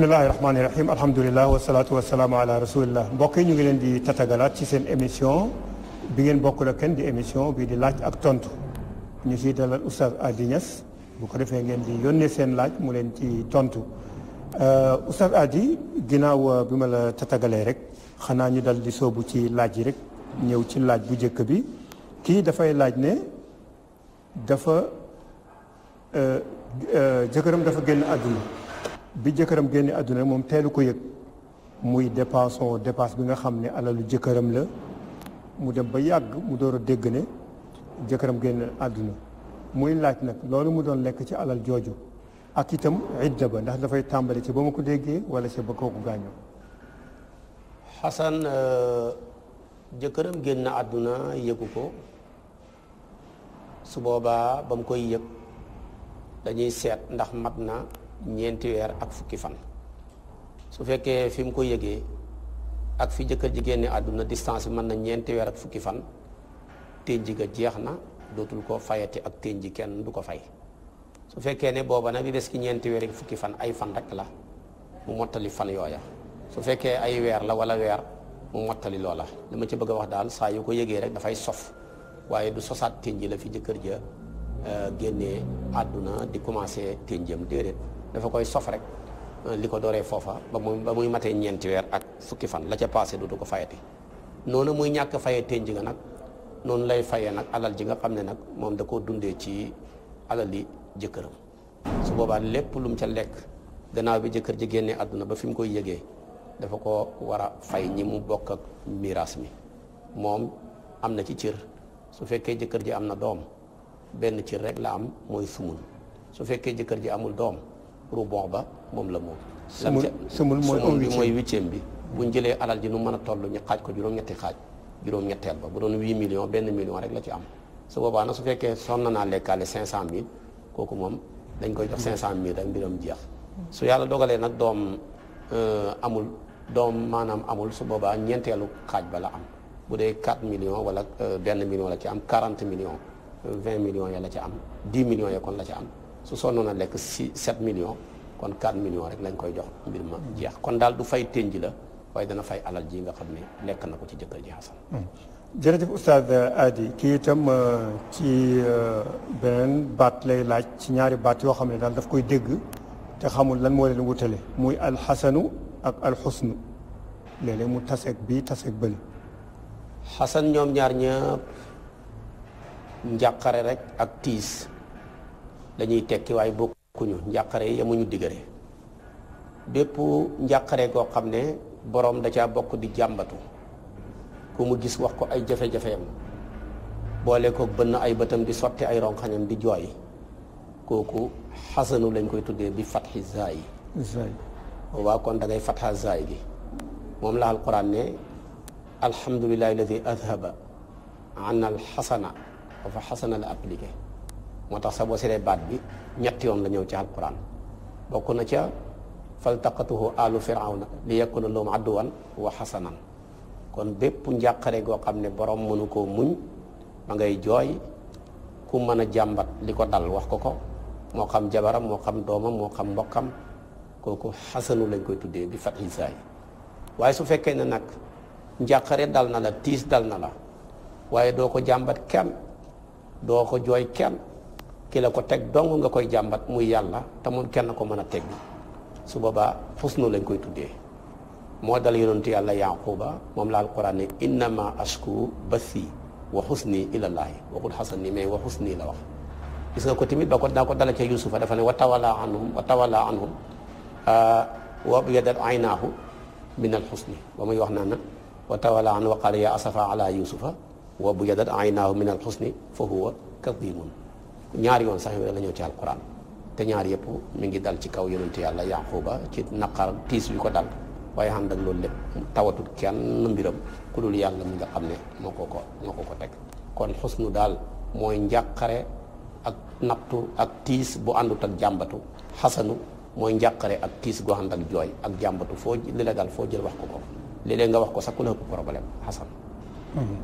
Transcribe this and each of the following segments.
bismillahi rahmaani rahim alhamdulilah wasalaatu wasalaamu ala rasulillah mbokk yi ñu ngi leen di tatagalaat ci seen émission bi ngeen bokk ak kenn di émission bii di laaj ak tontu ñu ciy dalal oustaz Hady Niass bu ko defee ngeen di yónnee seen laaj mu leen ci tontu euh, oustaz Hady ginnaaw bi ma la tatagalee rek xanaa ñu dal di soobu ci laaj yi rek ñëw ci laaj bu njëkk bi kii dafay laaj ne dafa euh, euh, jëkkëram dafa génn àdduna bi jëkkëram génn àdduna moom teelu ko yëg muy dépense dépense bi nga xam ne alalu jëkkëram la mu dem ba yàgg mu door a dégg ne jëkkëram génn àdduna muy laaj nag loolu mu doon lekk ci alal jooju ak itam idda ba ndax dafay tàmbali ci ba ma ko déggee wala ci ba kooku gaañoo xasan euh, jëkkëram génn àdduna yëgu ko su boobaa ba mu koy yëg dañuy seet ndax mat na ñeenti weer ak fukki fan su fekkee fi mu ko yëgee ak fi jëkkër ji génne àdduna distance bi mën na ñeenti weer ak fukki fan ténj ga jeex na dootul ko fayati ak ténj kenn du ko fay su fekkee ne booba nag di des ki ñeenti weer ak fukki fan ay fan rek la mu mottali fan yooya su fekkee ay weer la wala weer mu mottali loola li ma ci bëgg a wax daal saa yu ko yëgee rek dafay sof waaye du sosaat ténj la fi jëkkër ja euh, génne àdduna di commencé ténjam déedéet dafa koy sof rek euh, li ko dooree foofa ba muy ba muy matee ñeenti weer ak fukki fan la ca passé du du ko fayati noonu muy ñàkk fayee tenj nga nag noonu lay fayee nag alal ji nga xam ne nag moom da koo dundee ci alal li jëkkëram su boobaa lépp lu ca lekk gannaaw bi jëkkër ji génnee àdduna ba fi mu koy yëgee dafa ko war a fay ñi mu bokk ak miraas mi moom am na ci cër su fekkee jëkkër ji am na doom benn cër rek la am mooy sumun su fekkee jëkkër ji amul doom rubox ba moom la moom sëmul bi mooy huitième bi buñ jëlee alal ji nu mën a toll ñu xaaj ko juróom-ñetti xaaj juróom-ñetteel ba bu doon huit million benn million rek la ci am su boobaa nag su fekkee sonna naa lekkaale cinq cent mille kooku moom dañ koy jox cinq cent mille rek mbiram su yàlla dogalee nag doom euh, amul doom maanaam amul su boobaa ñeenteelu xaaj ba la am bu dee 4 millions wala euh, benn million la ci am 40 million 20 millions ya la ci am 10 million ya kon la ci am su sonnoon na lekk si 7 millions kon 4 millions rek lañ koy jox mbir ma jeex kon daal du fay tenji la waaye dana fay alal ji nga xam ne lekk na ko ci jëkkër ji Xasan hmm. jërëjëf oustaz Adi kii itam euh, ci euh, beneen baat lay laaj ci ñaari baat yoo xam ne daal daf koy dégg te xamul lan moo leen wutale muy alxasanu ak alxusnu léeg-léeg mu taseek bii taseeg bële xasan ñoom ñaar ñëpp njàqare rek ak tiis lañuy tekki waaye bokkuñu njàqare yamuñu digare bépp njàqare koo xam ne boroom da caa bokk di jàmbatu ku mu gis wax ko ay jafe-jafeem boole ko bënn ay bëtam di sotti ay ronxañam di joy kooku xasanu lañ koy tuddee bi fatxi zaay boobaa kon dangay ngay fatxa gi moom la alquran ne alhamdulilahi alladi adhaba an alxasana dafa xasana la appliqué moo tax sax boo baat bi ñetti yoon la ñëw ci alquran bokk na ca faltaqatuhu alu firawna li yakuna lahum aduwan wa xasanan kon bépp njàqare goo xam ne boroom mënu koo muñ ma ngay jooy ku mën a jàmbat li ko dal wax ko ko moo xam jabaram moo xam doomam moo xam mbokkam kooku xasanu lañ koy tuddee bi fat isaay waaye su fekkee ne nag njàqare dal na la tiis dal na la waaye doo ko jàmbat kenn doo ko jooy kenn ki la ko teg dong nga koy jàmbat muy yàlla te moom kenn ko mën a teg bi su boobaa xusnu lañ koy tuddee moo dal yonentu yàlla yaquba moom la alquran ne innama ashku basi wa xusni ilallaahi waxul xasan ni mais wa xusni la wax ko tamit ba ko daa ko dala ca ne wa tawala anhum wa tawala anhum ah, wa abyadat aynaahu wax naa na wa tawala anhu wa qaala ya asafa ala yusufa wa abyadat aynaahu min al fa huwa kadimun ñaari yoon sax yooyu la ñëw ci alquran te ñaar yëpp mi ngi dal ci kaw yonent yàlla yaquba ci naqar tiis yu ko dal waaye ànd ak loolu lépp tawatul kenn mbiram ku dul yàlla mi nga xam ne moo ko ko moo ko ko teg kon xusnu daal mooy njàqare ak nattu ak tiis bu àndut ak jàmbatu xasanu mooy njàqare ak tiis goo ànd ak jooy ak jàmbatu foo li la foo jël wax ko ko léeg nga wax ko sax ku la ëpp problème xasan hmm.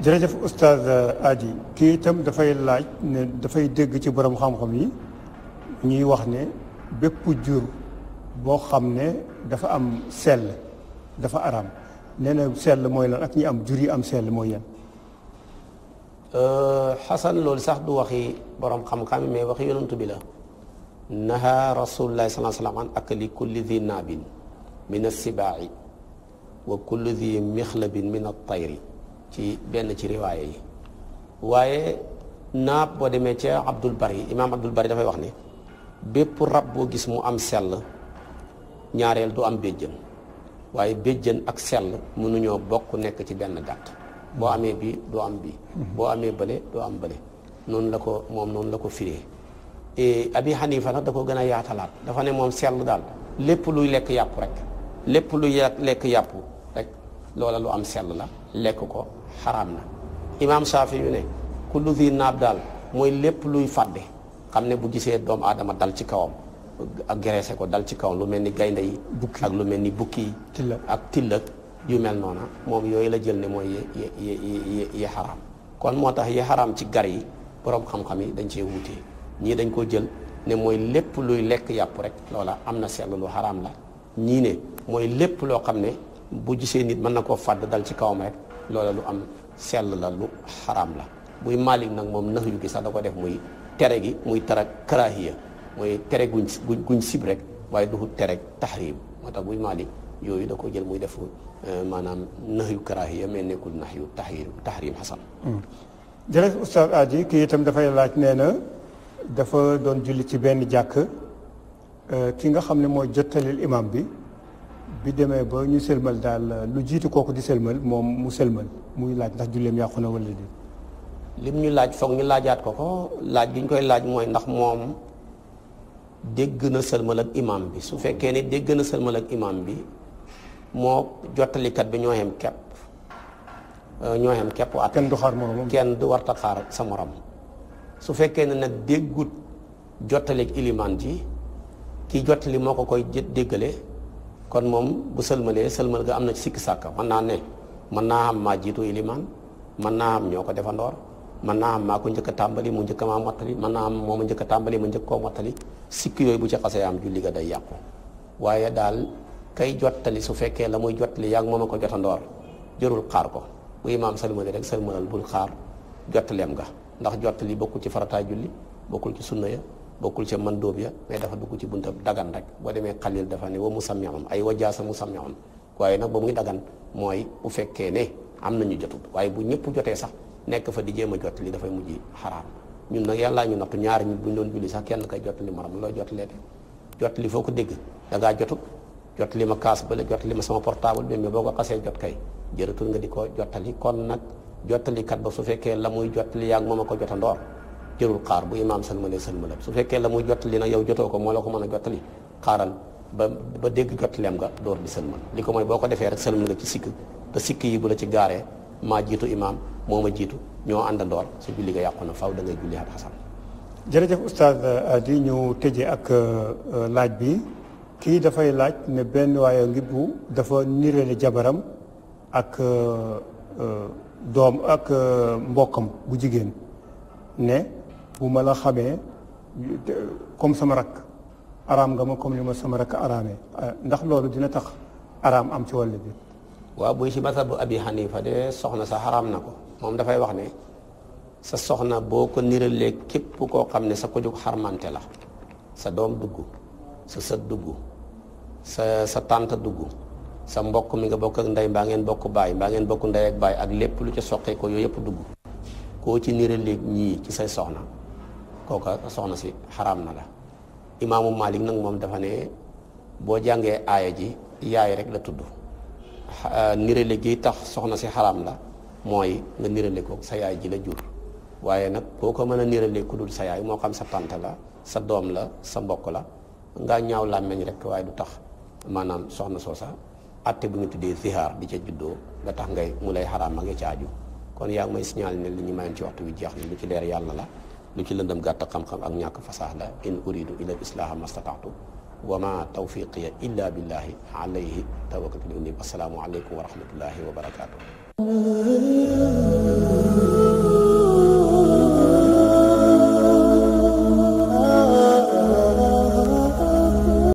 jërëjëf oustaz Adi kii itam dafay laaj ne dafay dégg ci borom xam-xam yi ñuy wax ne bépp jur boo xam ne dafa am sell dafa araam nee na sell mooy lan ak ñi am jur yi am sell mooy yan. Xasan loolu sax du waxi borom xam-xam mais waxi yonent bi la. naha rasulullah sallallahu alayhi wa sallam an akli kulli di naabin min assibaa'i wa kulli di mixlabin min attayri ci benn ci riwaaya yi waaye naa boo demee ci Abdul Bari imaam Abdul Bari dafay wax ne bépp rab boo gis mu am sell ñaareel du am béjjën waaye béjjën ak sell mënuñoo bokk nekk ci benn gàtt boo amee bii doo am bii boo amee bële doo am bële noonu la ko moom noonu la ko firee abi xanifa nag da ko gën a yaatalaat dafa ne moom sell daal lépp luy lekk yàpp rek lépp luy lekk yàpp rek loola lu am sell la lekk ko xaraam na imaam Saafi yu ne kullu zi naab daal mooy lépp luy fàdde xam ne bu gisee doomu aadama dal ci kawam ak gereese ko dal ci kawam lu mel ni gaynde yi ak lu mel ni bukki yi ak tillak yu mel noona moom yooyu la jël ne mooy ye xaraam kon moo tax ye xaraam ci gar yi boroom xam-xam yi dañ cee wuute ñii dañ ko jël ne mooy lépp luy lekk yàpp rek loola am na seetlu lu xaraam la ñii ne mooy lépp loo xam ne bu gisee nit mën na koo fàdd dal ci kawam rek loola lu am sell la lu xaraam la buy Malik nag moom nax yu gi sax da ko def muy tere gi muy tara karaahiya muy tere guñ guñ sib rek waaye duxul tere tax moo tax buy Malik yooyu da ko jël muy def euh, maanaam nax yu karaahiya mais nekkul nax yu tax tahrim xasan hmm. jërëjëf oustaz Aji kii itam dafay laaj nee na dafa doon julli ci benn jàkk euh, ki nga xam ne mooy jottalil imam bi bi demee ba ñu sëlmal daal lu jiitu kooku di sëlmal moom mu sëlmal muy laaj ndax julleem yàqu na wala déet. lim ñu laaj foog ñu laajaat ko ko laaj gi ñu koy laaj mooy ndax moom dégg na sëlmal ak imam bi su fekkee ne dégg na sëlmal ak imam bi moo jottalikat bi ñoo yem kepp euh, ñoo yem kepp at kenn du xaar moromam kenn du warta xaar sa morom su fekkee ne nag déggut jottalik ilimaan ji ki jottali moo ko koy déggale kon moom bu sëlmalee sëlmal ga am na ci sàkk sàkka mën naa ne mën naa am maa jiitu ilimaan mën naa am ñoo ko defandoor mën naa am maa ko njëkk tàmbali mu njëkk maa mottali mën naa am moom ma njëkk tàmbali ma njëkk koo mottali sikki yooyu bu ci xasee am julli ga day yàqu waaye daal kay jottali su fekkee la muy jottali yaa ngi moom a ko jotandoor jërul xaar ko bu imaam sëlmali rek sëlmalal bul xaar jottaleem ga ndax jottali bokkul ci farataay julli bokkul ci sunna bokkul ca man dóob ya mais dafa dugg ci bunta dagan rek boo demee xalil dafa ne wa musammiun ay wa jaasa musammiun waaye nag ba muy dagan mooy bu fekkee ne am nañu jotul waaye bu ñëpp jotee sax nekk fa di jéem a jot li dafay mujj xaraam ñun nag yàllaa ñu natt ñaari bu ñu doon julli sax kenn kay jot li maram loo jot lee jot li foo ko dégg dangaa ngaa jotut jot li ma kaas ba la jot li ma sama portable bi mais boo ko xasee jot kay jërëtul nga di ko jottali kon nag jottalikat ba su fekkee la muy jotali yaag moom a ko jotandoor jërul xaar bu imaam sëlmalee sëlmalal su fekkee la muy jottali nag yow jotoo ko moo la ko mën a jottali xaaral ba ba dégg jottaleem nga door di sëlmal li ko mooy boo ko defee rek sëlmal nga ci sikk te sikk yi bu la ci gaaree maa jiitu imaam moo ma jiitu ñoo àndandoor su julli nga yàqu na faw da ngay julli at xasan jërëjëf oustaz di ñu tëjee ak euh, laaj bi kii dafay laaj ne benn waaye ngibbu dafa nireele jabaram ak euh, euh, doom ak mbokkam bu jigéen ne bu ma la xamee comme sama rakk araam nga ma comme li ma sama rakk araamee ndax loolu dina tax araam am ci wàll bi waaw buy ci masabu abi xanifa de soxna sa xaraam na ko moom dafay wax ne sa soxna boo ko niralee képp koo xam ne sa ko jóg xarmante la sa doom dugg sa sët dugg sa sa tànt dugg sa mbokk mi nga bokk ak ndey mbaa ngeen bokk baay mbaa ngeen bokk ndey ak baay ak lépp lu ca soqee ko yooyu yëpp dugg koo ci niralee ñii ci say soxna kooka soxna si xaraam na la imaamu Malik nag moom dafa ne boo jàngee aaya ji yaay rek la tudd euh, nirale gi tax soxna si xaraam la mooy nga nirale ko sa yaay ji la jur waaye nag boo ko mën a nirale ku dul sa yaay moo xam sa tante la sa doom la sa mbokk la nga ñaaw làmmeñ rek waaye du tax maanaam soxna soosa atte bu ñu tuddee zihaar di ca juddoo nga tax ngay mu lay xaraam ma nga caaju kon yaa ngi may signal ne li ñu mayoon ci waxtu bi jeex na lu ci leer yàlla la lu ci lëndëm gàtt xam-xam ak ñàkk fasaax la in uridu ila islaaha mastataatu wa ma tawfiqiya illa billahi alayhi tawakkaltu assalaamu aleykum wa rahmatullahi wa barakaatu